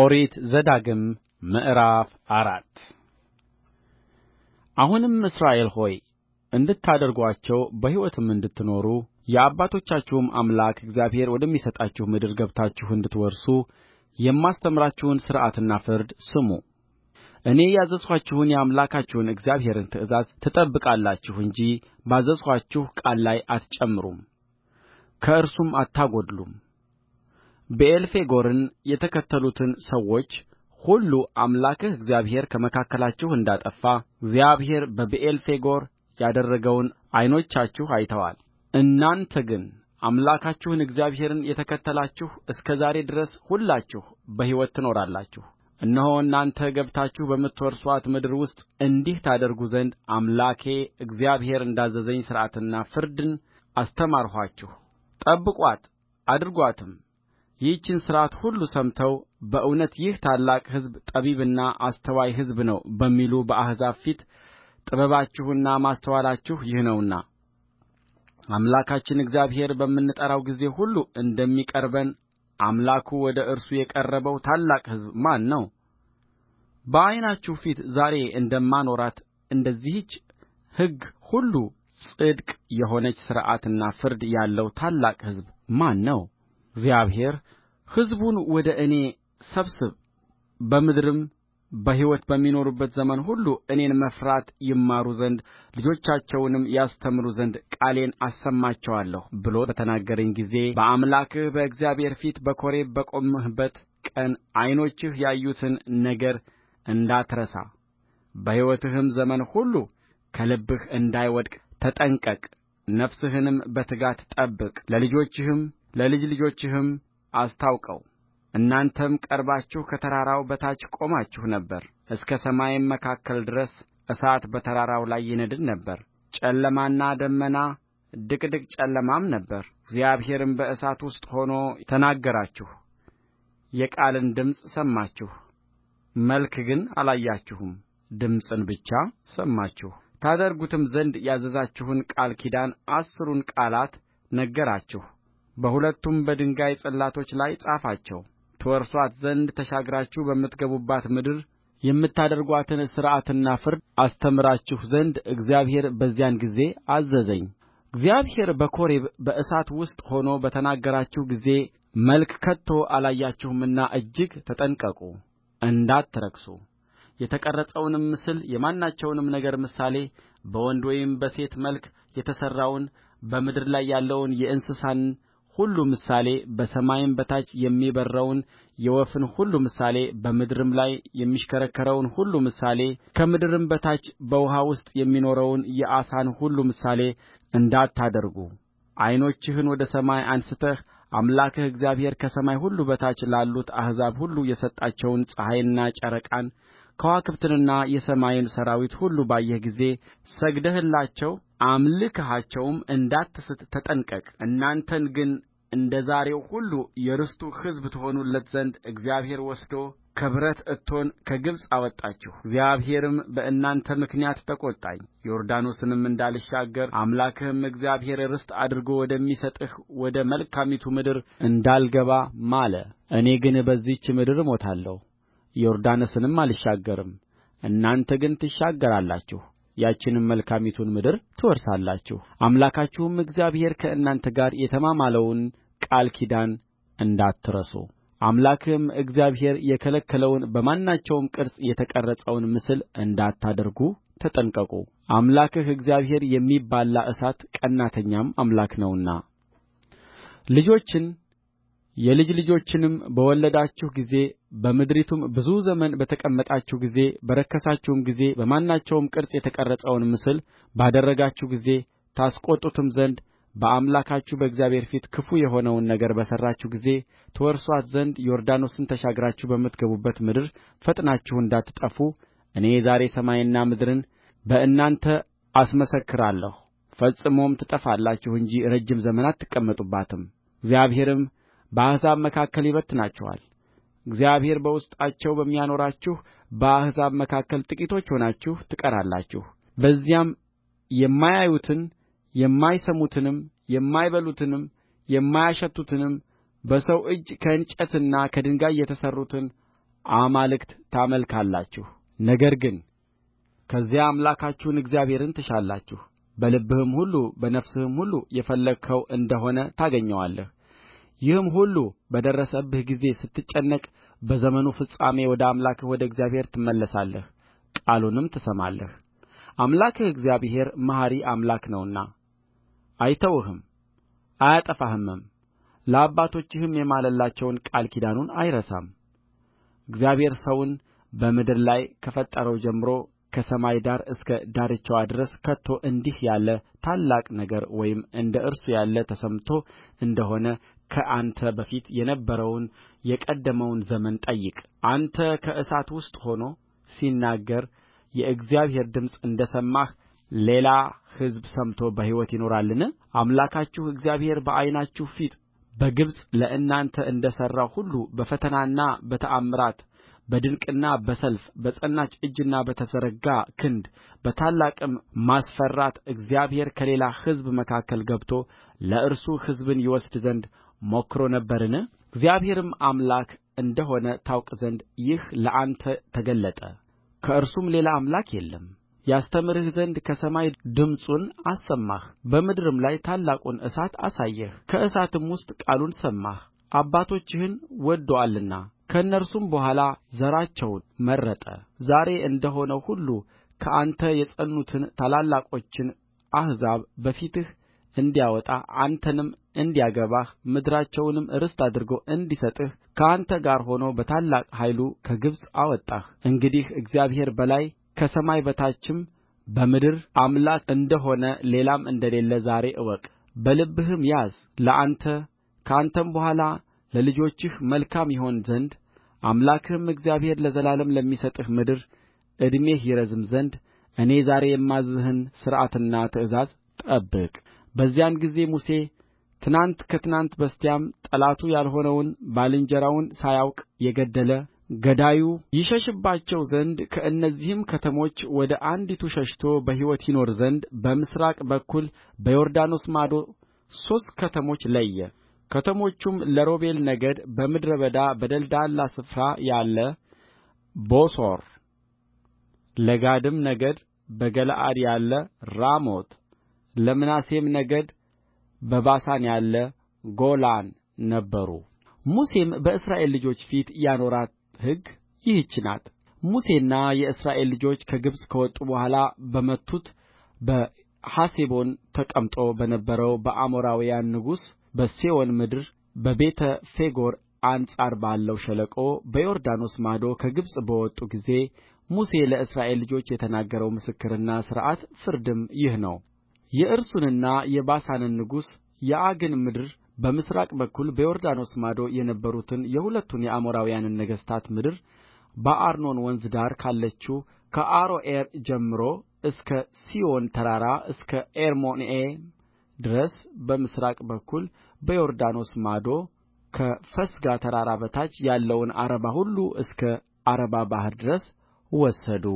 ኦሪት ዘዳግም ምዕራፍ አራት አሁንም እስራኤል ሆይ እንድታደርጉአቸው በሕይወትም እንድትኖሩ የአባቶቻችሁም አምላክ እግዚአብሔር ወደሚሰጣችሁ ምድር ገብታችሁ እንድትወርሱ የማስተምራችሁን ሥርዓትና ፍርድ ስሙ እኔ ያዘዝኋችሁን የአምላካችሁን እግዚአብሔርን ትእዛዝ ትጠብቃላችሁ እንጂ ባዘዝኋችሁ ቃል ላይ አትጨምሩም ከእርሱም አታጎድሉም ብዔልፌጎርን የተከተሉትን ሰዎች ሁሉ አምላክህ እግዚአብሔር ከመካከላችሁ እንዳጠፋ እግዚአብሔር በብዔልፌጎር ያደረገውን ዓይኖቻችሁ እናንተ ግን አምላካችሁን እግዚአብሔርን የተከተላችሁ እስከ ዛሬ ድረስ ሁላችሁ በሕይወት ትኖራላችሁ እነሆ እናንተ ገብታችሁ በምትወርሱአት ምድር ውስጥ እንዲህ ታደርጉ ዘንድ አምላኬ እግዚአብሔር እንዳዘዘኝ ሥርዓትንና ፍርድን አስተማርኋችሁ ጠብቋት አድርጉአትም ይህችን ሥርዓት ሁሉ ሰምተው በእውነት ይህ ታላቅ ሕዝብ ጠቢብና አስተዋይ ሕዝብ ነው በሚሉ በአሕዛብ ፊት ጥበባችሁና ማስተዋላችሁ ይህ ነውና አምላካችን እግዚአብሔር በምንጠራው ጊዜ ሁሉ እንደሚቀርበን አምላኩ ወደ እርሱ የቀረበው ታላቅ ሕዝብ ማን ነው? በዓይናችሁ ፊት ዛሬ እንደማኖራት እንደዚህች ሕግ ሁሉ ጽድቅ የሆነች ሥርዓትና ፍርድ ያለው ታላቅ ሕዝብ ማን ነው እግዚአብሔር ሕዝቡን ወደ እኔ ሰብስብ በምድርም በሕይወት በሚኖሩበት ዘመን ሁሉ እኔን መፍራት ይማሩ ዘንድ ልጆቻቸውንም ያስተምሩ ዘንድ ቃሌን አሰማቸዋለሁ ብሎ በተናገረኝ ጊዜ በአምላክህ በእግዚአብሔር ፊት በኮሬብ በቆምህበት ቀን ዓይኖችህ ያዩትን ነገር እንዳትረሳ በሕይወትህም ዘመን ሁሉ ከልብህ እንዳይወድቅ ተጠንቀቅ ነፍስህንም በትጋት ጠብቅ ለልጆችህም ለልጅ ልጆችህም አስታውቀው! እናንተም ቀርባችሁ ከተራራው በታች ቆማችሁ ነበር እስከ ሰማይም መካከል ድረስ እሳት በተራራው ላይ ይነድድ ነበር ጨለማና ደመና ድቅድቅ ጨለማም እግዚአብሔርም በእሳት ውስጥ ሆኖ ተናገራችሁ የቃልን ድምፅ ሰማችሁ መልክ ግን አላያችሁም ድምፅን ብቻ ሰማችሁ ታደርጉትም ዘንድ ያዘዛችሁን ቃል ኪዳን አሥሩን ቃላት ነገራችሁ በሁለቱም በድንጋይ ጽላቶች ላይ ጻፋቸው ትወርሱአት ዘንድ ተሻግራችሁ በምትገቡባት ምድር የምታደርጉአትን ሥርዓትና ፍርድ አስተምራችሁ ዘንድ እግዚአብሔር በዚያን ጊዜ አዘዘኝእግዚአብሔር በኮሬብ በእሳት ውስጥ ሆኖ በተናገራችሁ ጊዜ መልክ ከቶ አላያችሁምና እጅግ ተጠንቀቁ እንዳትረክሱ የተቀረጸውንም ምስል የማናቸውንም ነገር ምሳሌ በወንድ ወይም በሴት መልክ የተሠራውን በምድር ላይ ያለውን የእንስሳን ሁሉ ምሳሌ በሰማይም በታች የሚበርረውን የወፍን ሁሉ ምሳሌ በምድርም ላይ የሚሽከረከረውን ሁሉ ምሳሌ ከምድርም በታች በውኃ ውስጥ የሚኖረውን የዓሣን ሁሉ ምሳሌ እንዳታደርጉ ዓይኖችህን ወደ ሰማይ አንሥተህ አምላክህ እግዚአብሔር ከሰማይ ሁሉ በታች ላሉት አሕዛብ ሁሉ የሰጣቸውን ፀሐይንና ጨረቃን ከዋክብትንና የሰማይን ሠራዊት ሁሉ ባየህ ጊዜ ሰግደህላቸው አምልከሃቸውም እንዳትስት እናንተን ግን እንደ ዛሬው ሁሉ የርስቱ ሕዝብ ትሆኑለት ዘንድ እግዚአብሔር ወስዶ ከብረት እቶን ከግብፅ እግዚአብሔርም በእናንተ ምክንያት ተቈጣኝ ዮርዳኖስንም እንዳልሻገር አምላክህም እግዚአብሔር ርስት አድርጎ ወደሚሰጥህ ወደ መልካሚቱ ምድር እንዳልገባ ማለ እኔ ግን በዚህች ምድር እሞታለሁ ዮርዳኖስንም አልሻገርም እናንተ ግን ትሻገራላችሁ ያችንም መልካሚቱን ምድር ትወርሳላችሁ አምላካችሁም እግዚአብሔር ከእናንተ ጋር የተማማለውን ቃል ኪዳን አምላክህም እግዚአብሔር የከለከለውን በማናቸውም ቅርጽ የተቀረጸውን ምስል እንዳታደርጉ ተጠንቀቁ! አምላክህ እግዚአብሔር የሚበላ እሳት ቀናተኛም አምላክ ነውና ልጆችን የልጅ ልጆችንም በወለዳችሁ ጊዜ በምድሪቱም ብዙ ዘመን በተቀመጣችሁ ጊዜ በረከሳችሁም ጊዜ በማናቸውም ቅርጽ የተቀረጸውን ምስል ባደረጋችሁ ጊዜ ታስቈጡትም ዘንድ በአምላካችሁ በእግዚአብሔር ፊት ክፉ የሆነውን ነገር በሠራችሁ ጊዜ ትወርሱአት ዘንድ ዮርዳኖስን ተሻግራችሁ በምትገቡባት ምድር ፈጥናችሁ እንዳትጠፉ እኔ ዛሬ ሰማይንና ምድርን በእናንተ አስመሰክራለሁ ፈጽሞም ትጠፋላችሁ እንጂ ረጅም ዘመን አትቀመጡባትም እግዚአብሔርም በአሕዛብ መካከል ይበትናችኋል እግዚአብሔር በውስጣቸው በሚያኖራችሁ በአሕዛብ መካከል ጥቂቶች ሆናችሁ ትቀራላችሁ። በዚያም የማያዩትን የማይሰሙትንም የማይበሉትንም የማያሸቱትንም በሰው እጅ ከእንጨትና ከድንጋይ የተሠሩትን አማልክት ታመልካላችሁ ነገር ግን ከዚያ አምላካችሁን እግዚአብሔርን ትሻላችሁ በልብህም ሁሉ በነፍስህም ሁሉ የፈለግኸው እንደሆነ ታገኘዋለህ ይህም ሁሉ በደረሰብህ ጊዜ ስትጨነቅ በዘመኑ ፍጻሜ ወደ አምላክህ ወደ እግዚአብሔር ትመለሳለህ ቃሉንም ትሰማለህ አምላክህ እግዚአብሔር መሐሪ አምላክ ነውና አይተውህም አያጠፋህምም ለአባቶችህም የማለላቸውን ቃል ኪዳኑን አይረሳም። እግዚአብሔር ሰውን በምድር ላይ ከፈጠረው ጀምሮ ከሰማይ ዳር እስከ ዳርቻዋ ድረስ ከቶ እንዲህ ያለ ታላቅ ነገር ወይም እንደ እርሱ ያለ ተሰምቶ እንደሆነ ከአንተ በፊት የነበረውን የቀደመውን ዘመን ጠይቅ አንተ ከእሳት ውስጥ ሆኖ ሲናገር የእግዚአብሔር ድምፅ እንደ ሰማህ ሌላ ሕዝብ ሰምቶ በሕይወት ይኖራልን አምላካችሁ እግዚአብሔር በዓይናችሁ ፊት በግብፅ ለእናንተ እንደ ሠራው ሁሉ በፈተናና በተአምራት በድንቅና በሰልፍ በጸናች እጅና በተዘረጋ ክንድ በታላቅም ማስፈራት እግዚአብሔር ከሌላ ሕዝብ መካከል ገብቶ ለእርሱ ሕዝብን ይወስድ ዘንድ ሞክሮ ነበርን እግዚአብሔርም አምላክ እንደ ሆነ ታውቅ ዘንድ ይህ ለአንተ ተገለጠ ከእርሱም ሌላ አምላክ የለም ያስተምርህ ዘንድ ከሰማይ ድምፁን አሰማህ በምድርም ላይ ታላቁን እሳት አሳየህ ከእሳትም ውስጥ ቃሉን ሰማህ አባቶችህን ወድዶአልና ከእነርሱም በኋላ ዘራቸውን መረጠ ዛሬ እንደ ሆነው ሁሉ ከአንተ የጸኑትን ታላላቆችን አሕዛብ በፊትህ እንዲያወጣ አንተንም እንዲያገባህ ምድራቸውንም ርስት አድርጎ እንዲሰጥህ ከአንተ ጋር ሆኖ በታላቅ ኃይሉ ከግብፅ እንግዲህ እግዚአብሔር በላይ ከሰማይ በታችም በምድር አምላክ እንደ ሆነ ሌላም እንደሌለ ዛሬ እወቅ በልብህም ያዝ ለአንተ ከአንተም በኋላ ለልጆችህ መልካም ይሆን ዘንድ አምላክህም እግዚአብሔር ለዘላለም ለሚሰጥህ ምድር ዕድሜህ ይረዝም ዘንድ እኔ ዛሬ የማዝዝህን ሥርዓትና ትእዛዝ በዚያን ጊዜ ሙሴ ትናንት ከትናንት በስቲያም ጠላቱ ያልሆነውን ባልንጀራውን ሳያውቅ የገደለ ገዳዩ ይሸሽባቸው ዘንድ ከእነዚህም ከተሞች ወደ አንዲቱ ሸሽቶ በሕይወት ይኖር ዘንድ በምሥራቅ በኩል በዮርዳኖስ ማዶ ሦስት ከተሞች ለየ ከተሞቹም ለሮቤል ነገድ በምድረ በዳ በደልዳላ ስፍራ ያለ ቦሶር ለጋድም ነገድ በገለዓድ ያለ ራሞት ለምናሴም ነገድ በባሳን ያለ ጎላን ነበሩ። ሙሴም በእስራኤል ልጆች ፊት ያኖራት ሕግ ይህች ናት ሙሴና የእስራኤል ልጆች ከግብፅ ከወጡ በኋላ በመቱት በሐሴቦን ተቀምጦ በነበረው በአሞራውያን ንጉሥ በሴዎን ምድር በቤተ ፌጎር አንጻር ባለው ሸለቆ በዮርዳኖስ ማዶ ከግብፅ በወጡ ጊዜ ሙሴ ለእስራኤል ልጆች የተናገረው ምስክርና ሥርዓት ፍርድም ይህ ነው የእርሱንና የባሳንን ንጉሥ የዐግን ምድር በምሥራቅ በኩል በዮርዳኖስ ማዶ የነበሩትን የሁለቱን የአሞራውያንን ነገሥታት ምድር በአርኖን ወንዝ ዳር ካለችው ከአሮዔር ጀምሮ እስከ ሲዎን ተራራ እስከ አርሞንዔም ድረስ በምሥራቅ በኩል በዮርዳኖስ ማዶ ከፈስጋ ተራራ በታች ያለውን ዓረባ ሁሉ እስከ ዓረባ ባሕር ድረስ ወሰዱ